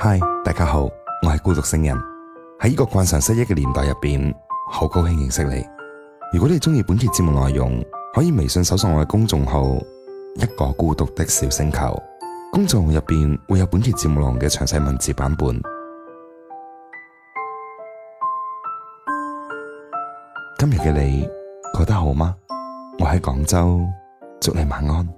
嗨，Hi, 大家好，我係孤獨星人。喺呢個慣常失憶嘅年代入邊，好高興認識你。如果你中意本期節,節目內容，可以微信搜索我嘅公眾號一個孤獨的小星球。公眾號入邊會有本期節,節目內容嘅詳細文字版本。今日嘅你過得好嗎？我喺廣州，祝你晚安。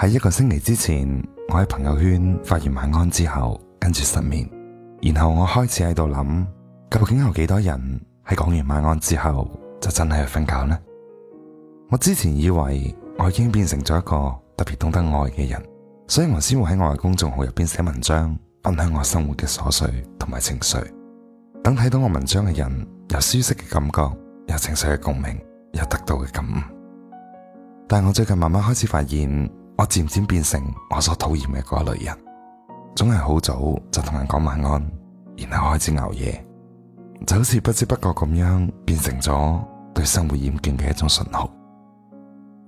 喺一個星期之前，我喺朋友圈發完晚安之後，跟住失眠，然後我開始喺度諗，究竟有幾多人喺講完晚安之後就真係去瞓覺呢？我之前以為我已經變成咗一個特別懂得愛嘅人，所以我先會喺我嘅公眾號入邊寫文章，分享我生活嘅瑣碎同埋情緒，等睇到我文章嘅人有舒適嘅感覺，有情緒嘅共鳴，有得到嘅感悟。但係我最近慢慢開始發現。我漸漸變成我所討厭嘅嗰一類人，總係好早就同人講晚安，然後開始熬夜，就好似不知不覺咁樣變成咗對生活厭倦嘅一種信號。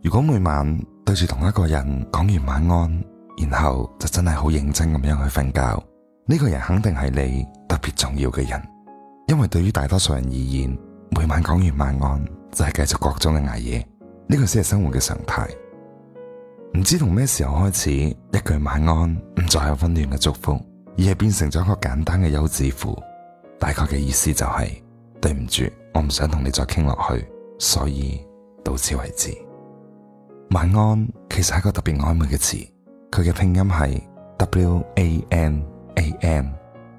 如果每晚對住同一個人講完晚安，然後就真係好認真咁樣去瞓覺，呢個人肯定係你特別重要嘅人，因為對於大多數人而言，每晚講完晚安就係繼續各種嘅捱夜，呢個先係生活嘅常態。唔知從咩時候開始，一句晚安唔再有溫暖嘅祝福，而係變成咗一個簡單嘅休止符。大概嘅意思就係、是：對唔住，我唔想同你再傾落去，所以到此為止。晚安其實係一個特別曖昧嘅詞，佢嘅拼音係 w a n a n，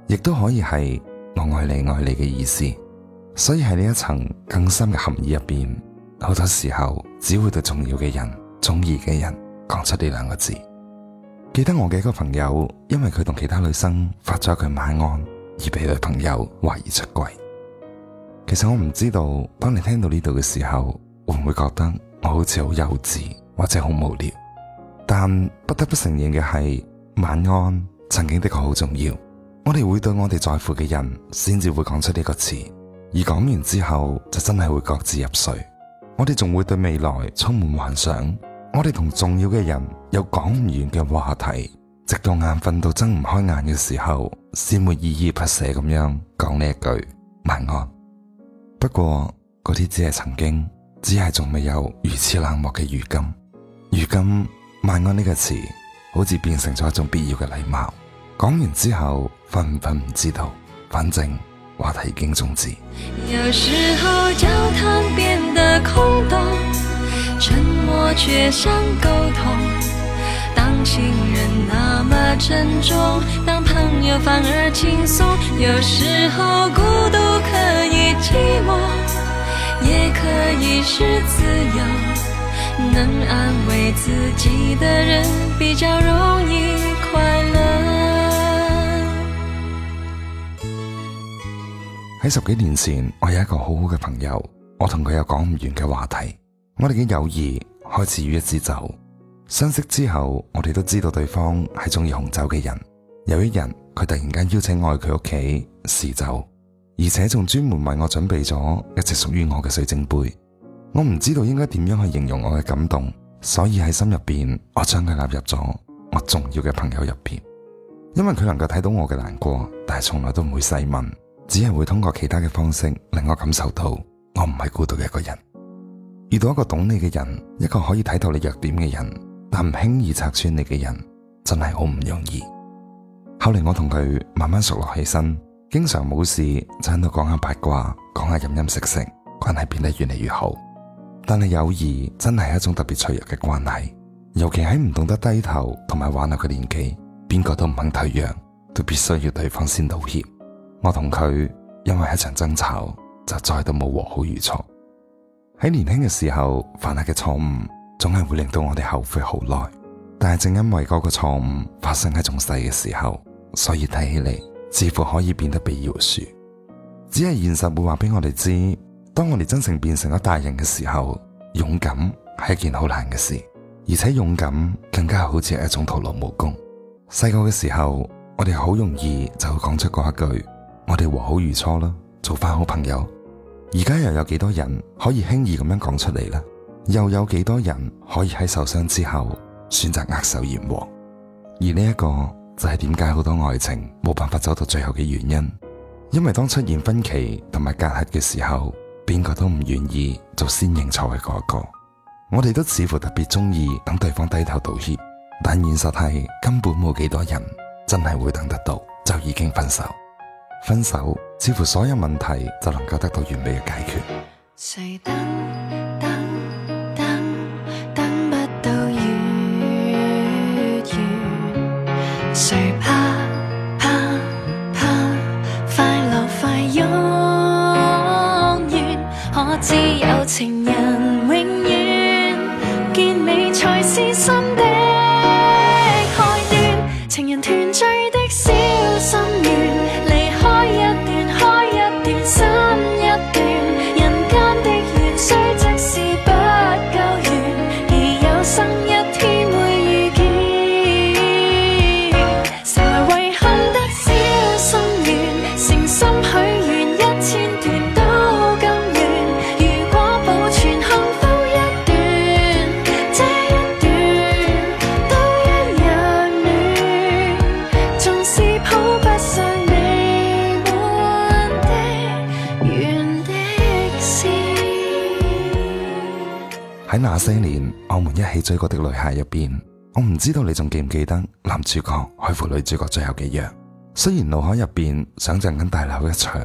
亦都可以係我愛你愛你嘅意思。所以喺呢一層更深嘅含義入邊，好多時候只會對重要嘅人、中意嘅人，講出呢兩個字，記得我嘅一個朋友，因為佢同其他女生發咗句晚安，而俾女朋友懷疑出軌。其實我唔知道，當你聽到呢度嘅時候，會唔會覺得我好似好幼稚或者好無聊？但不得不承認嘅係，晚安曾經的確好重要。我哋會對我哋在乎嘅人，先至會講出呢個詞，而講完之後就真係會各自入睡。我哋仲會對未來充滿幻想。我哋同重要嘅人有講唔完嘅話題，直到眼瞓到睜唔開眼嘅時候，先會依依不捨咁樣講呢一句晚安。不過嗰啲只係曾經，只係仲未有如此冷漠嘅如今。如今晚安呢個詞，好似變成咗一種必要嘅禮貌。講完之後瞓唔瞓唔知道，反正話題已經終止。有時候交談變得空洞。沉默卻想溝通，當情人那麼沉重，當朋友反而輕鬆。有時候孤獨可以寂寞，也可以是自由。能安慰自己的人比較容易快樂。喺十幾年前，我有一個好好嘅朋友，我同佢有講唔完嘅話題。我哋嘅友誼開始於一支酒，相識之後，我哋都知道對方係中意紅酒嘅人。有一日，佢突然間邀請我去佢屋企試酒，而且仲專門為我準備咗一隻屬於我嘅水晶杯。我唔知道應該點樣去形容我嘅感動，所以喺心入邊，我將佢納入咗我重要嘅朋友入邊。因為佢能夠睇到我嘅難過，但係從來都唔會細問，只係會通過其他嘅方式令我感受到我唔係孤獨嘅一個人。遇到一個懂你嘅人，一個可以睇到你弱點嘅人，但唔輕易拆穿你嘅人，真係好唔容易。後嚟我同佢慢慢熟落起身，經常冇事就喺度講下八卦，講下飲飲食食，關係變得越嚟越好。但係友誼真係一種特別脆弱嘅關係，尤其喺唔懂得低頭同埋玩樂嘅年紀，邊個都唔肯退讓，都必須要對方先道歉。我同佢因為一場爭吵就再都冇和好如初。喺年輕嘅時候犯下嘅錯誤，錯誤總係會令到我哋後悔好耐。但係正因為嗰個錯誤發生喺仲細嘅時候，所以睇起嚟似乎可以變得被饒恕。只係現實會話俾我哋知，當我哋真正變成咗大人嘅時候，勇敢係一件好難嘅事，而且勇敢更加好似係一種徒勞無功。細個嘅時候，我哋好容易就會講出嗰一句：我哋和好如初啦，做翻好朋友。而家又有幾多人可以輕易咁樣講出嚟呢？又有幾多人可以喺受傷之後選擇握手言和？而呢一個就係點解好多愛情冇辦法走到最後嘅原因。因為當出現分歧同埋隔閡嘅時候，邊個都唔願意做先認錯嘅嗰個。我哋都似乎特別中意等對方低頭道歉，但現實係根本冇幾多人真係會等得到，就已經分手。分手，似乎所有問題就能夠得到完美嘅解決。 喺那些年，我們一起追過的女孩入邊，我唔知道你仲記唔記得男主角開赴女主角最後嘅樣。雖然腦海入邊想象緊大鬧一場，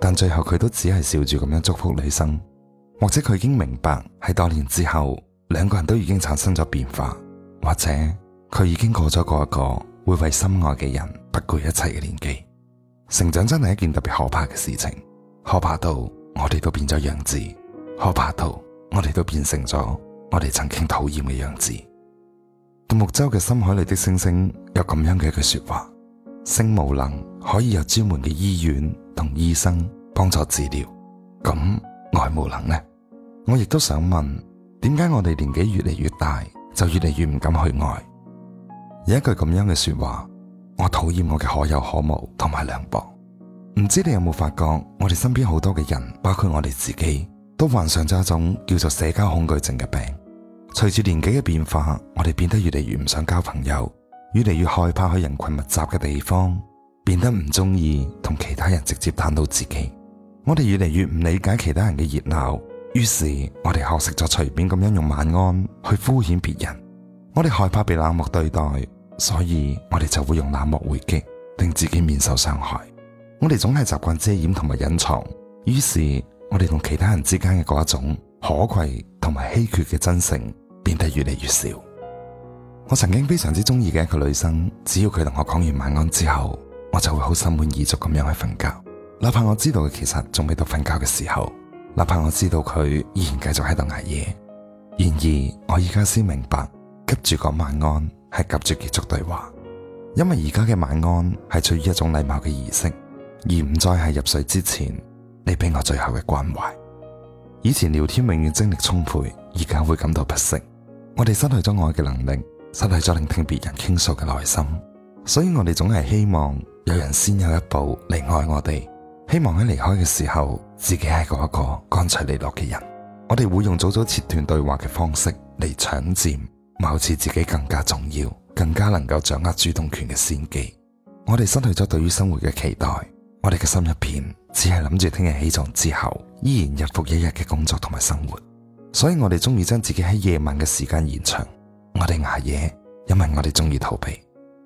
但最後佢都只係笑住咁樣祝福女生，或者佢已經明白喺多年之後，兩個人都已經產生咗變化，或者佢已經過咗 𠮶 個會為心愛嘅人不顧一切嘅年紀。成長真係一件特別可怕嘅事情，可怕到我哋都變咗樣子，可怕到。我哋都變成咗我哋曾經討厭嘅樣子。獨木舟嘅《深海裡的星星》有咁樣嘅一句說話：性無能可以有專門嘅醫院同醫生幫助治療，咁愛無能呢？我亦都想問，點解我哋年紀越嚟越大，就越嚟越唔敢去愛？有一句咁樣嘅說話：我討厭我嘅可有可無同埋涼薄。唔知你有冇發覺，我哋身邊好多嘅人，包括我哋自己。都患上咗一種叫做社交恐懼症嘅病。隨住年紀嘅變化，我哋變得越嚟越唔想交朋友，越嚟越害怕去人群密集嘅地方，變得唔中意同其他人直接袒露自己。我哋越嚟越唔理解其他人嘅熱鬧，於是我哋學識咗隨便咁樣用晚安去敷衍別人。我哋害怕被冷漠對待，所以我哋就會用冷漠回擊，令自己免受傷害。我哋總係習慣遮掩同埋隱藏，於是。我哋同其他人之間嘅嗰一種可貴同埋稀缺嘅真誠，變得越嚟越少。我曾經非常之中意嘅一個女生，只要佢同我講完晚安之後，我就會好心滿意足咁樣去瞓覺。哪怕我知道佢其實仲未到瞓覺嘅時候，哪怕我知道佢依然繼續喺度捱夜。然而，我而家先明白，急住講晚安係急住結束對話，因為而家嘅晚安係出於一種禮貌嘅儀式，而唔再係入睡之前。你俾我最後嘅關懷，以前聊天永遠精力充沛，而家會感到不適。我哋失去咗愛嘅能力，失去咗聆聽別人傾訴嘅耐心，所以我哋總係希望有人先有一步嚟愛我哋，希望喺離開嘅時候，自己係嗰一個乾脆利落嘅人。我哋會用早早切斷對話嘅方式嚟搶佔，貌似自己更加重要，更加能夠掌握主動權嘅先機。我哋失去咗對於生活嘅期待，我哋嘅心入邊。只係諗住聽日起床之後，依然日復一日嘅工作同埋生活，所以我哋中意將自己喺夜晚嘅時間延長，我哋捱夜，因為我哋中意逃避，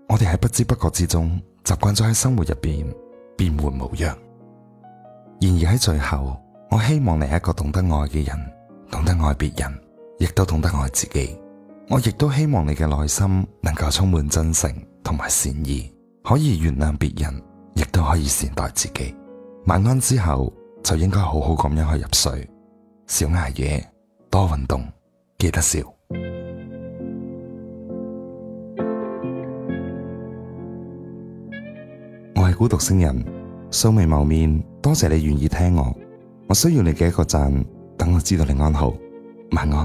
我哋喺不知不覺之中習慣咗喺生活入邊變幻無常。然而喺最後，我希望你係一個懂得愛嘅人，懂得愛別人，亦都懂得愛自己。我亦都希望你嘅內心能夠充滿真誠同埋善意，可以原諒別人，亦都可以善待自己。晚安之後就應該好好咁樣去入睡，少捱夜，多運動，記得笑。 我係孤獨星人，素未謀面，多謝你願意聽我。我需要你嘅一個讚，等我知道你安好。晚安。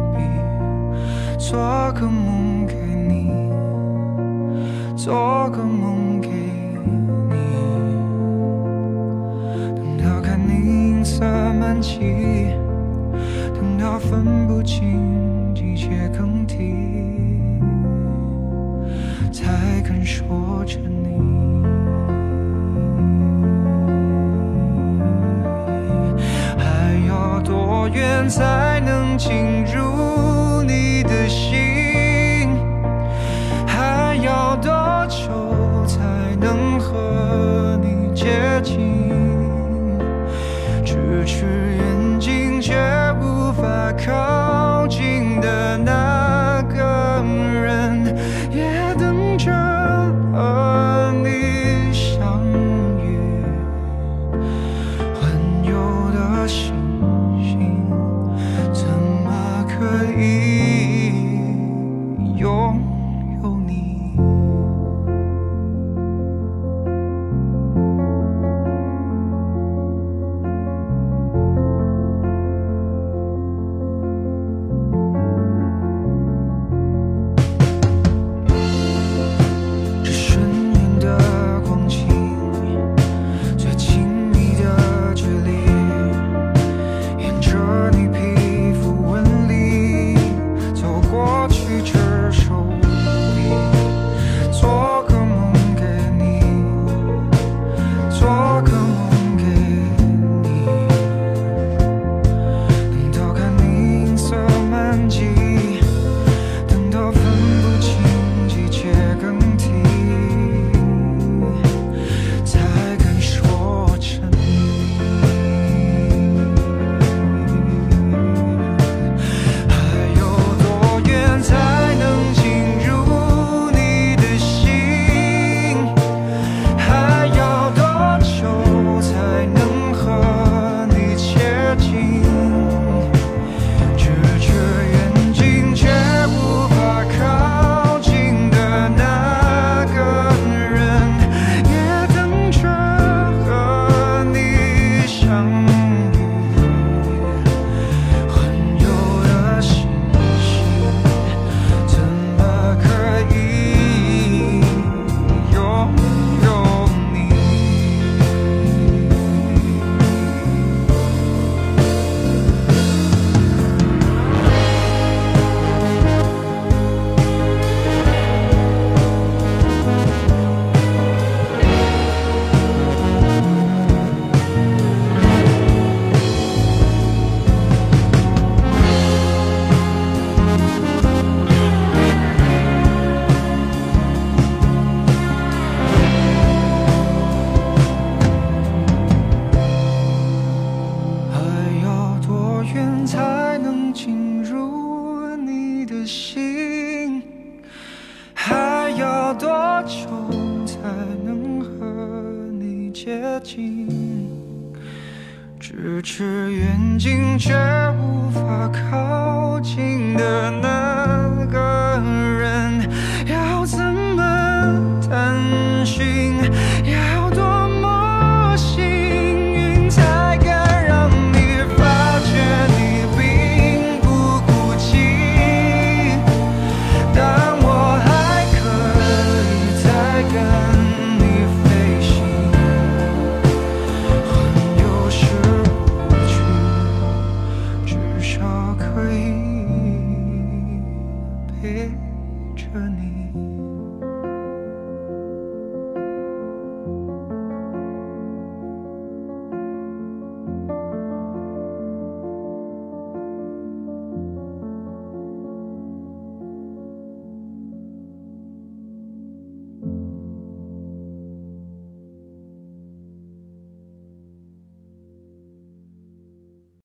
才能進入。可以陪着你。